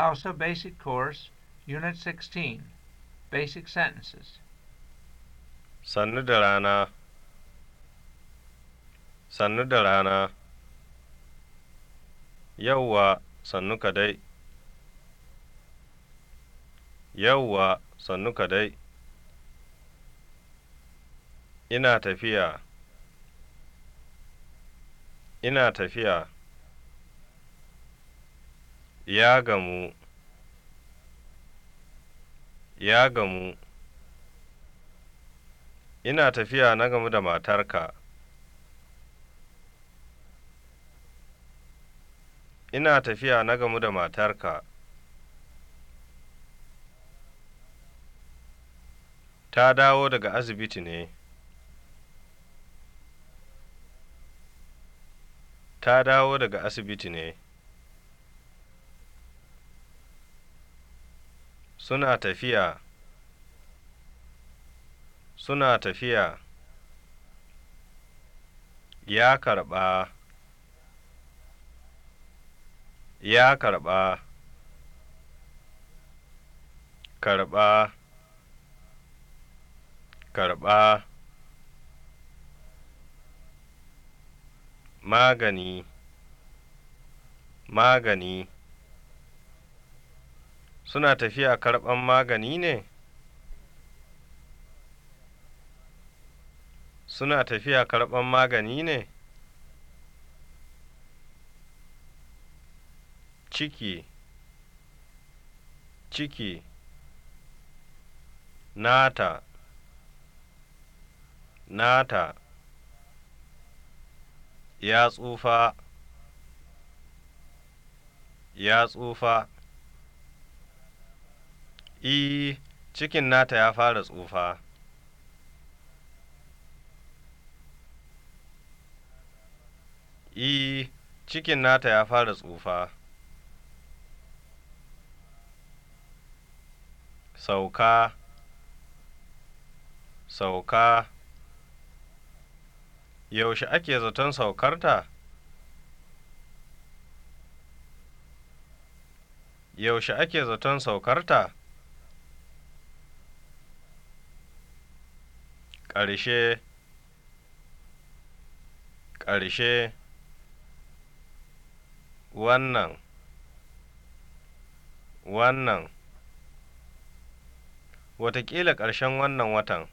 Hausa Basic Course, Unit 16, Basic Sentences. Sannu da Sanu Sannu da rana. Yawwa sannu ka dai. Ina tafiya. Ina tafiya. ya gamu ya gamu ina tafiya na gamu da matarka ina tafiya na gamu da matarka ta dawo daga asibiti ne ta dawo daga asibiti ne suna tafiya suna tafiya ya karɓa ya karɓa karɓa karɓa magani magani suna tafiya karɓan magani ne suna tafiya karɓan magani ne ciki ciki nata nata ya tsufa ya tsufa I e, cikin nata ya fara tsufa. E, cikin nata ya fara tsufa. Sauka, sauka. Yaushe ake zaton saukarta? Yaushe ake zaton saukarta? ƙarshe ƙarshe wannan wannan watakila ƙarshen wannan watan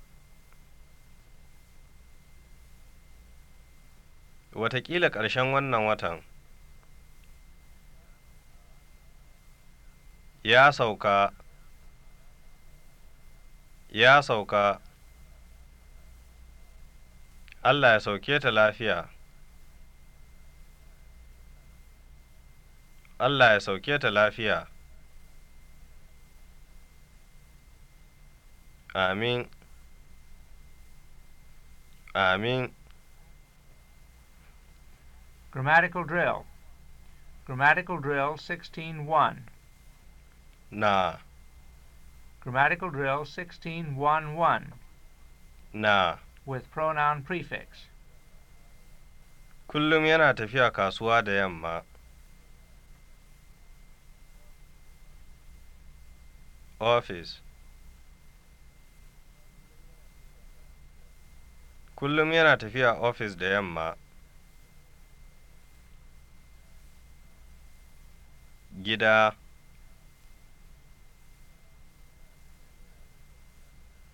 watakila ƙarshen wannan watan ya sauka ya sauka Allah ya sauke ta lafiya. Allah ya sauke ta lafiya. Amin. Amin. Grammatical drill. Grammatical drill 16-1. Na. Grammatical drill one. Na. with pronoun prefix. Kullum yana tafiya kasuwa da yamma. Office Kullum yana tafiya ofis da yamma. Gida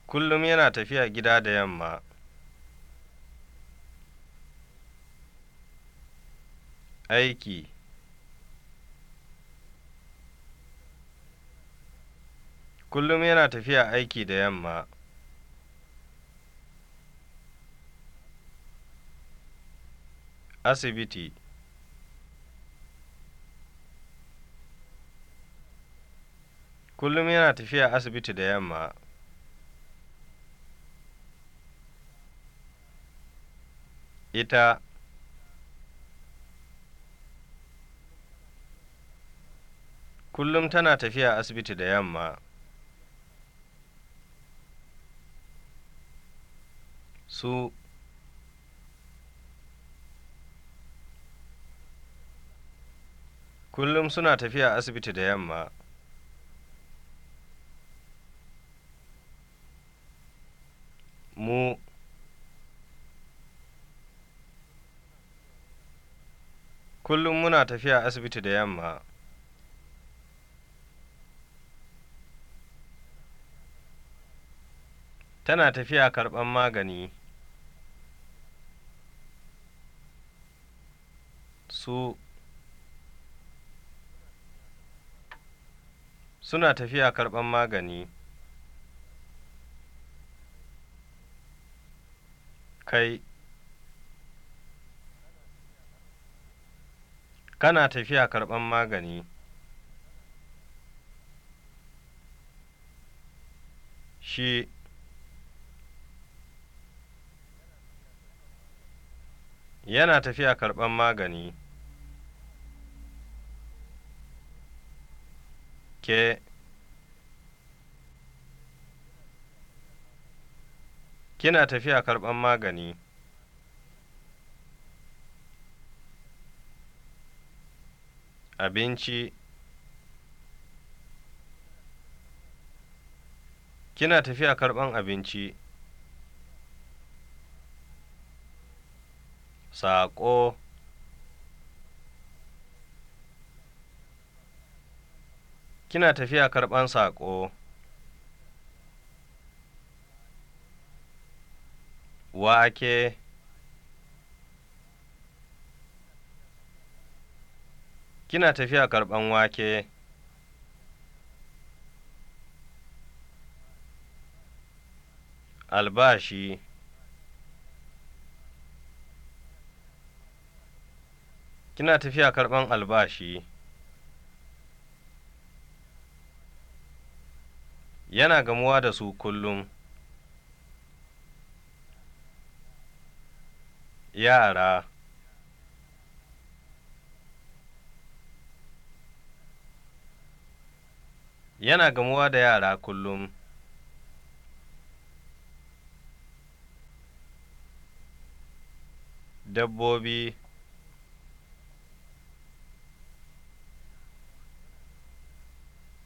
Kullum yana tafiya gida da yamma. aiki kullum yana tafiya aiki da yamma asibiti kullum yana tafiya asibiti da yamma ita kullum tana tafiya asibiti da yamma su kullum suna tafiya asibiti da yamma mu kullum muna tafiya asibiti da yamma tana tafiya karɓar magani su suna tafiya karɓar magani kai kana tafiya karɓar magani shi yana tafiya karɓan magani ke kina tafiya karɓan magani abinci kina tafiya karɓan abinci Saƙo kina tafiya karɓan saƙo. Wake kina tafiya karɓan wake. Albashi kina tafiya karɓan albashi yana gamuwa da su kullum yara yana gamuwa da yara kullum dabbobi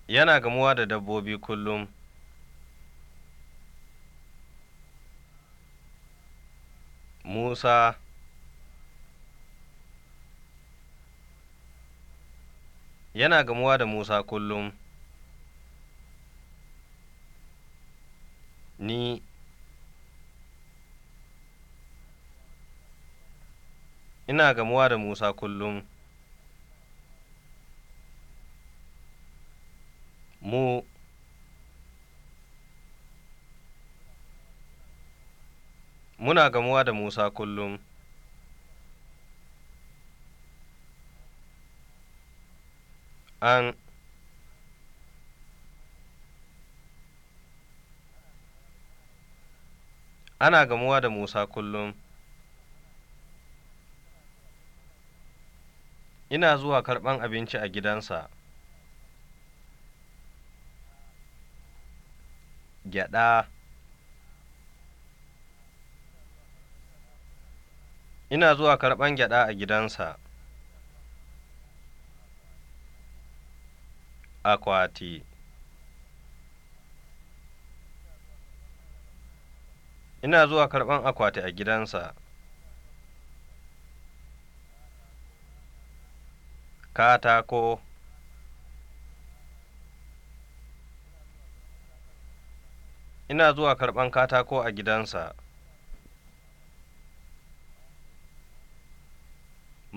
yana gamuwa da dabbobi kullum musa yana gamuwa da musa kullum ni ina gamuwa da musa kullum mu muna gamuwa da Musa kullum. An Ana gamuwa da Musa kullum. Ina zuwa karɓan abinci a gidansa. gyaɗa ina zuwa karɓan gyaɗa a gidansa akwati ina zuwa karɓan akwati a gidansa katako ina zuwa karɓan katako a gidansa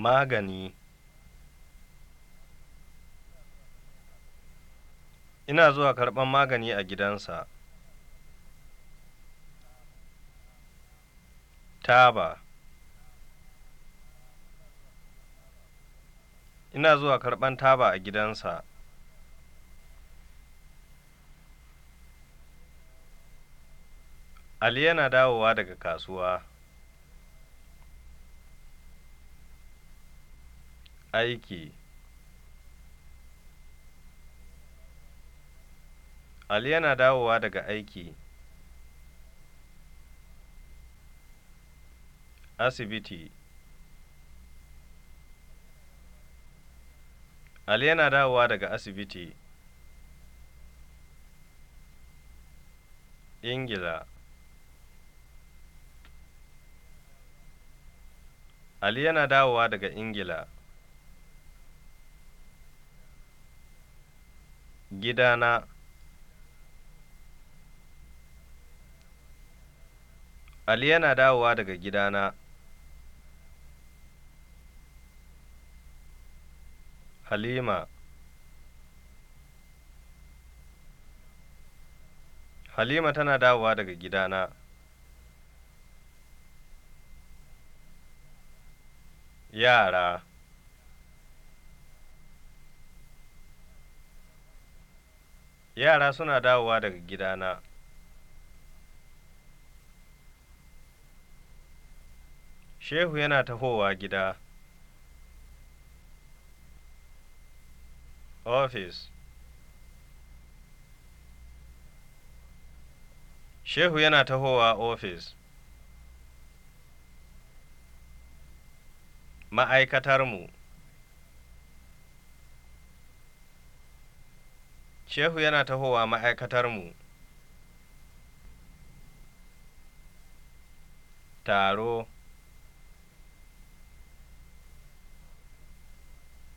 magani ina zuwa karɓan magani a gidansa taba ina zuwa karɓan taba a gidansa Ali yana dawowa daga kasuwa. Aiki Ali yana dawowa daga aiki. Asibiti Ali yana dawowa daga asibiti. Ingila Ali yana dawowa daga Ingila. Gidana Ali yana dawowa daga gidana. Halima Halima tana dawowa daga gidana. yara yara suna dawowa daga gidana shehu yana tahowa gida ofis shehu yana tahowa ofis ma'aikatarmu shehu yana tahowa ma'aikatarmu taro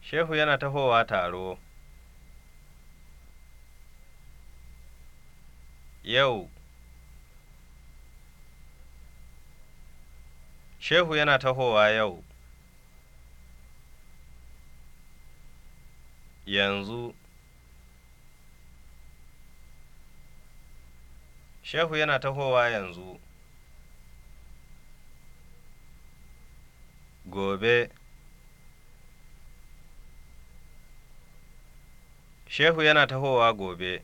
shehu yana tahowa taro yau shehu yana tahowa yau yanzu shehu yana tahowa yanzu gobe shehu yana tahowa gobe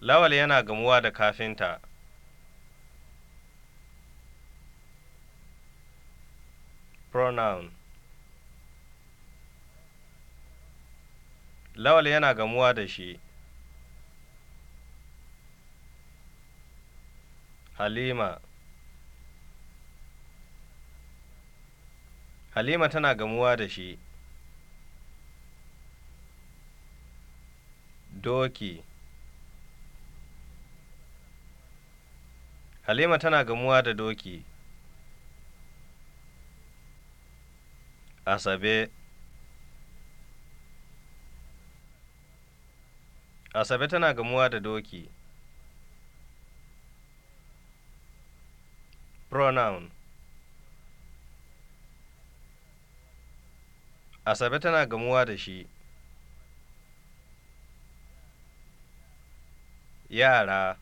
lawal yana gamuwa da kafinta pronoun lawal yana gamuwa da shi halima halima tana gamuwa da shi doki halima tana gamuwa da doki Asabe. asabe tana gamuwa da doki pronoun asabe tana gamuwa da shi yara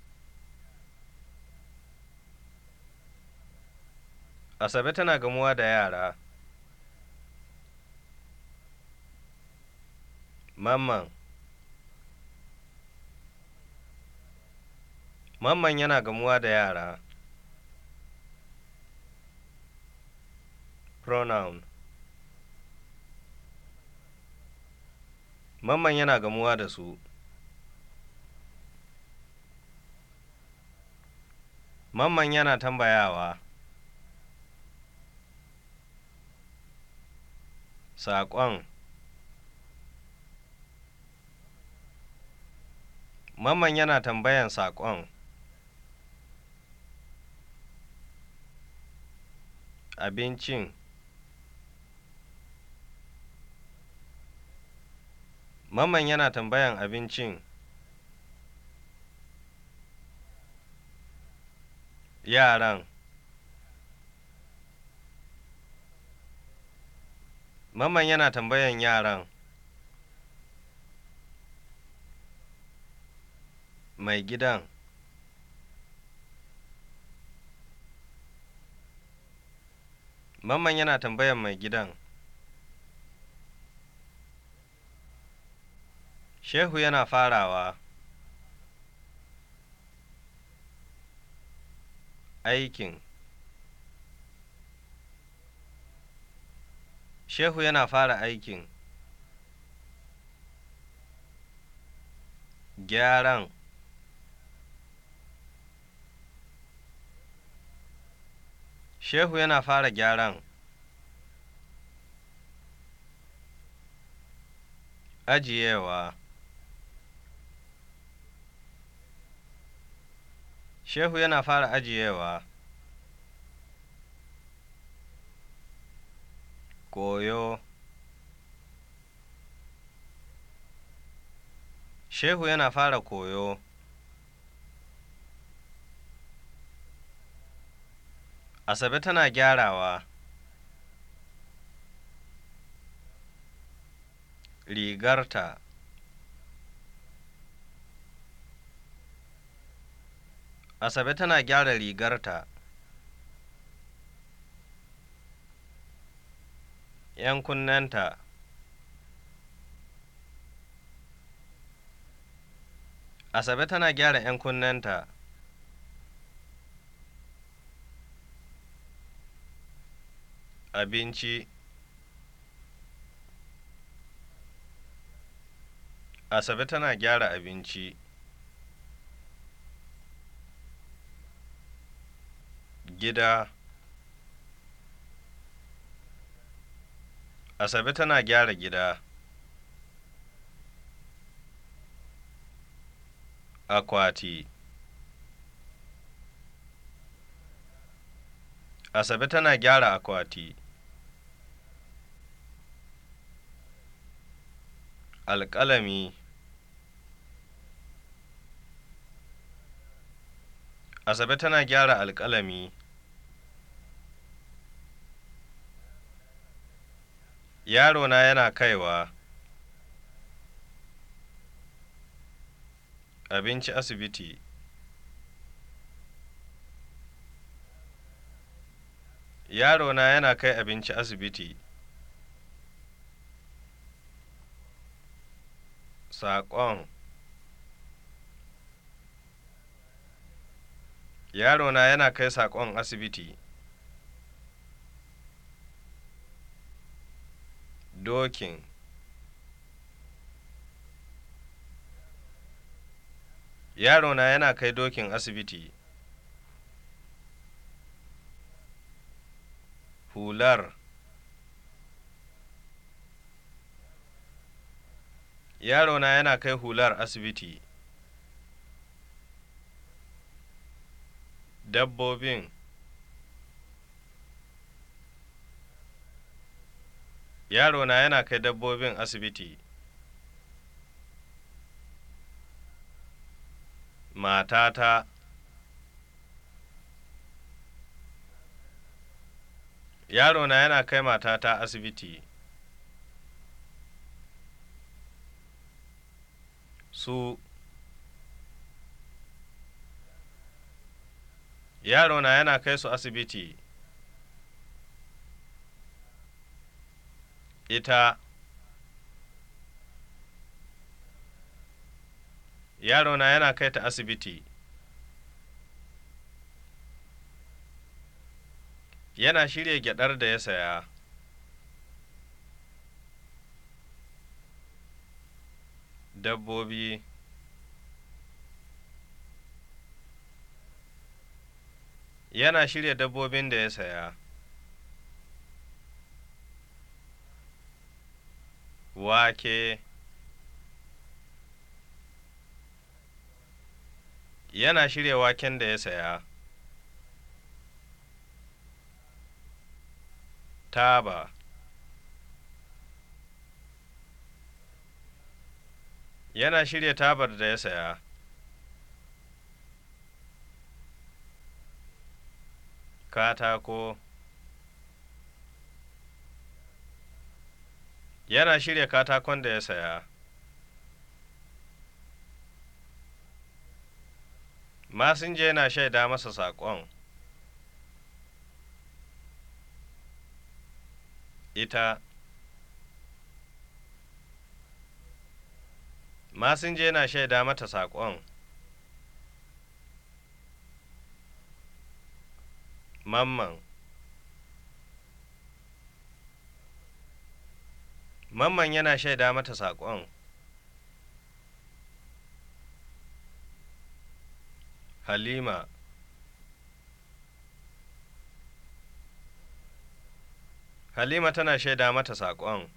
asabe tana gamuwa da yara Mamman. Mamman yana gamuwa da yara. Pronoun. Mamman yana gamuwa da su. Mamman yana tambayawa. Saƙon. Mamman yana tambayan saƙon. abincin Mamman yana tambayan abincin yaran Mamman yana tambayan yaran Mai gidan Mamman yana tambayan mai gidan. Shehu yana farawa. Aikin Shehu yana fara aikin. Gyaran Shehu yana fara gyaran. Ajiyewa Shehu yana fara ajiyewa. Koyo Shehu yana fara koyo. Asabe tana gyarawa. Rigarta Asabe tana gyara rigarta. ‘Yan kunnenta Asabe tana gyara ‘yan kunnenta. abinci asabe tana gyara abinci gida asabe tana gyara gida akwati asabe tana gyara akwati alƙalami asabe tana gyara alƙalami yarona yana kaiwa abinci asibiti yarona yana kai abinci asibiti saƙon. yarona yana kai saƙon asibiti dokin yarona yana kai dokin asibiti hular yarona yana kai hular asibiti dabbobin yarona yana kai dabbobin asibiti matata yarona yana kai matata asibiti su yarona yana kai su asibiti ita yarona yana kai ta asibiti yana shirya gyadar da ya saya dabbobi yana shirya dabbobin da ya saya wake yana shirya waken da ya saya taba yana shirya tabar da ya saya katako yana shirya katakon da ya saya masinja yana shaida masa saƙon ita Masinje na shaida mata saƙon mamman mamman yana shaida mata saƙon halima halima tana shaida mata saƙon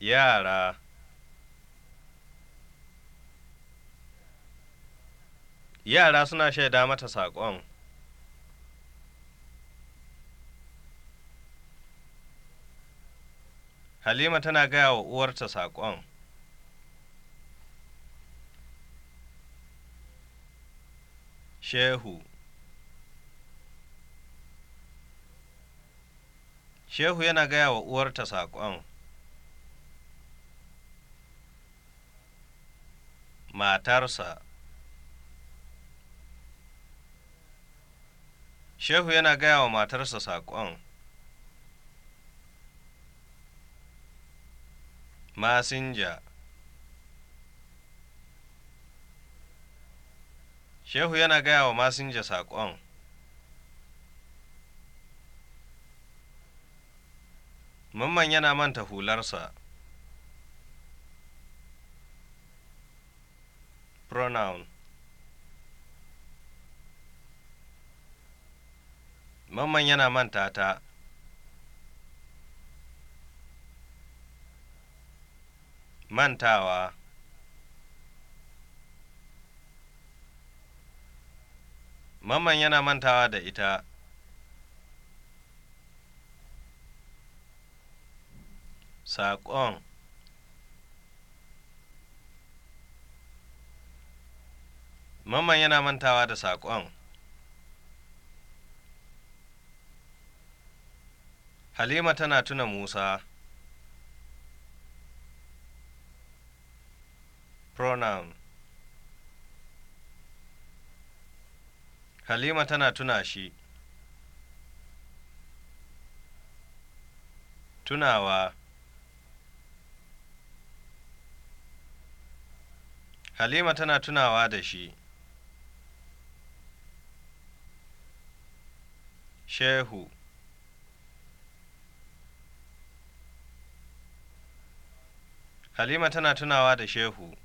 yara yara suna shaida mata saƙon halima tana gaya wa uwarta saƙon shehu shehu yana gaya wa uwarta saƙon matarsa shehu yana gaya wa matarsa saƙon masinja shehu yana gaya wa masinja saƙon mamman yana manta hularsa pronoun mamman yana manta ta mantawa mamman yana mantawa da ita saƙon Mamman yana mantawa da saƙon. Halima tana tuna Musa. Pronoun Halima tana tuna shi. Tunawa Halima tana tunawa da shi. Shehu Halima tana tunawa da Shehu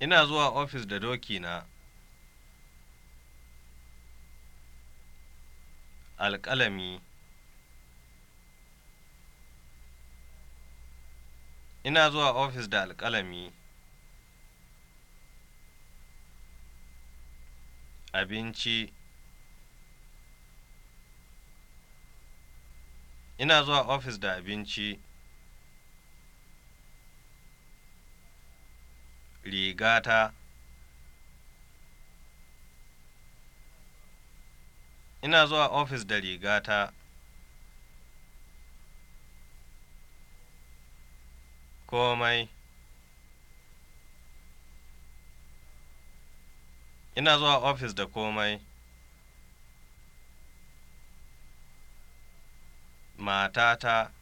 Ina zuwa ofis da doki na. Alƙalami Ina zuwa ofis da alƙalami. abinci ina zuwa ofis da abinci rigata ina zuwa ofis da rigata komai Ina zuwa ofis da komai. Matata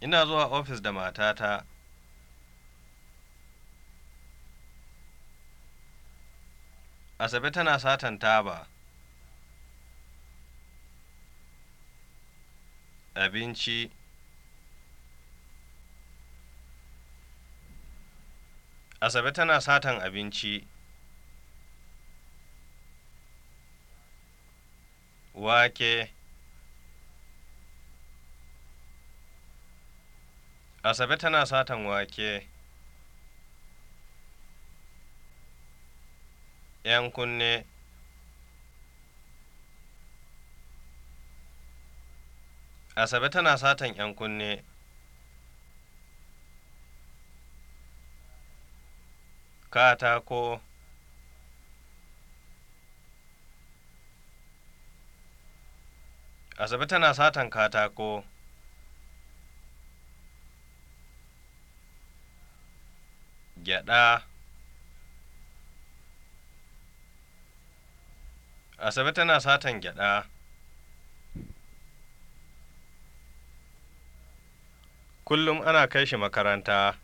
Ina zuwa ofis da matata. Asabe tana satan taba. Abinci Asabe tana satan abinci. Wake. Asabe tana satan wake. ‘Yan kunne. Asabe tana satan ‘yan kunne. katako asabe tana satan katako gyada asabe tana satan gyada kullum ana kai shi makaranta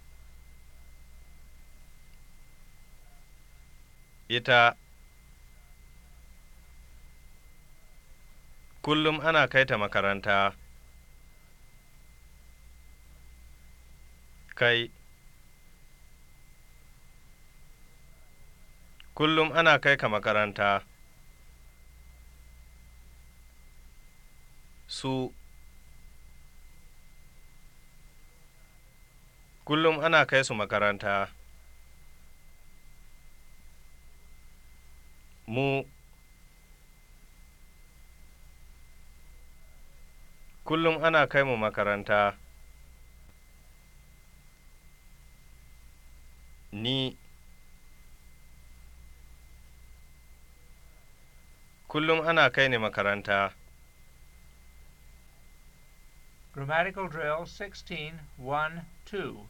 ita kullum ana kai ta makaranta kai kullum ana kai ka makaranta su kullum ana kai su makaranta mu kullum ana kai mu makaranta ni kullum ana kai ni makaranta grammatical drill 16 1 2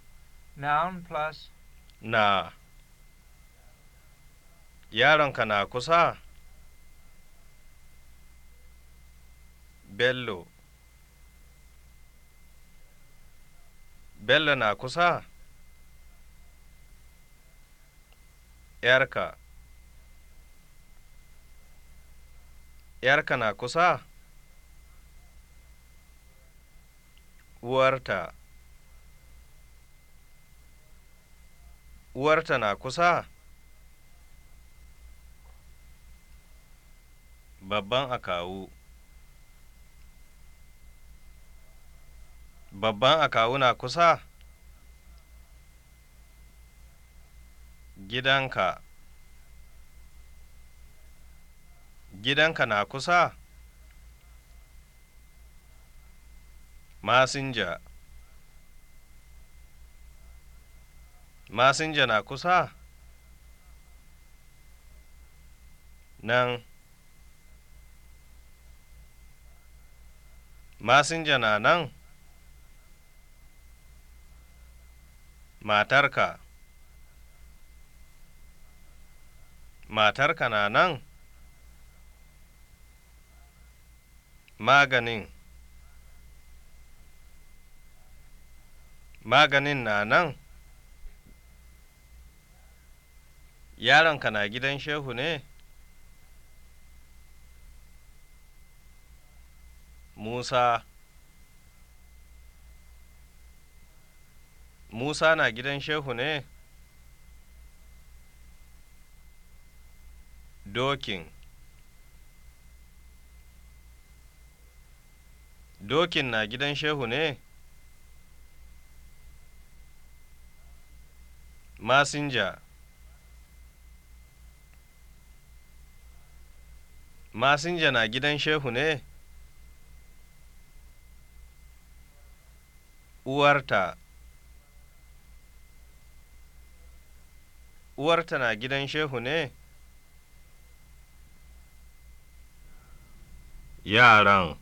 noun plus na yaronka na kusa bello bello na kusa yarka yarka na kusa uwarta uwarta na kusa babban a kawo babban a kawo na kusa gidanka gidanka na kusa masinja masinja na kusa nan masinja na nan matarka matarka na nan maganin maganin na nan yaronka na gidan shehu ne Musa Musa na gidan Shehu ne? Dokin Dokin na gidan Shehu ne? Masinja Masinja na gidan Shehu ne? uwarta. Uwarta na gidan Shehu ne? Yaran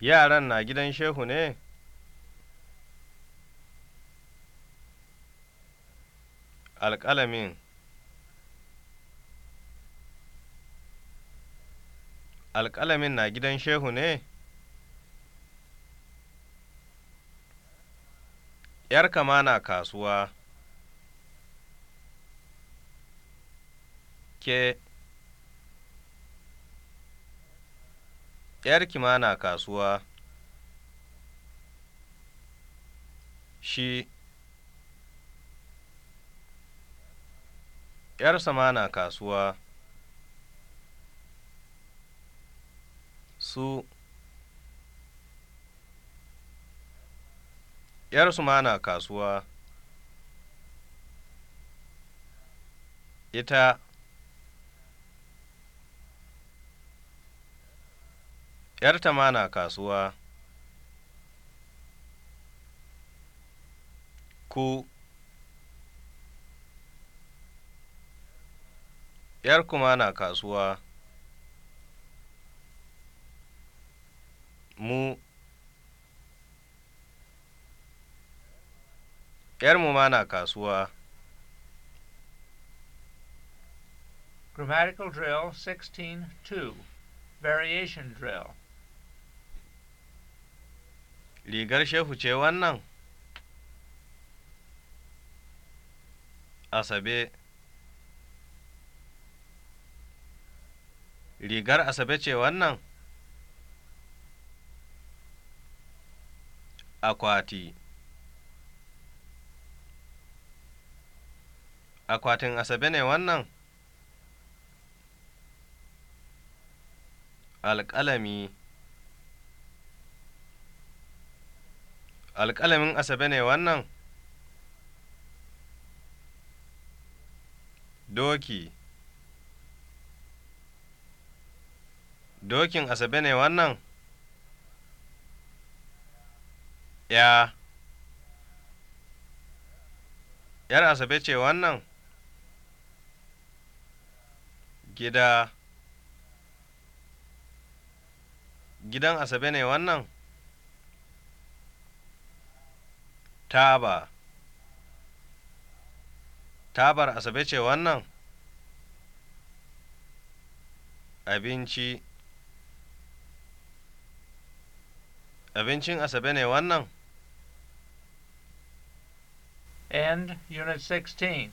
Yaran na gidan Shehu ne? Alƙalamin alƙalamin na gidan shehu ne ‘yar kama na kasuwa ke ‘yar kima na kasuwa shi ‘yar sama na kasuwa rasu ‘yarsu ma na kasuwa ita ‘yarta ma na kasuwa ku ‘yar kuma na kasuwa mu ‘yarmu ma na kasuwa Grammatical Drill 16-2 Variation Drill Rigar Shehu ce wannan? Asabe Rigar Asabe ce wannan? akwati akwatin asabe ne wannan alƙalami alƙalamin asabe ne wannan doki dokin asabe ne wannan ya yar asabe ce wannan gida gidan asabe ne wannan taba tabar asabe ce wannan abinci abincin asabe ne wannan and Unit 16.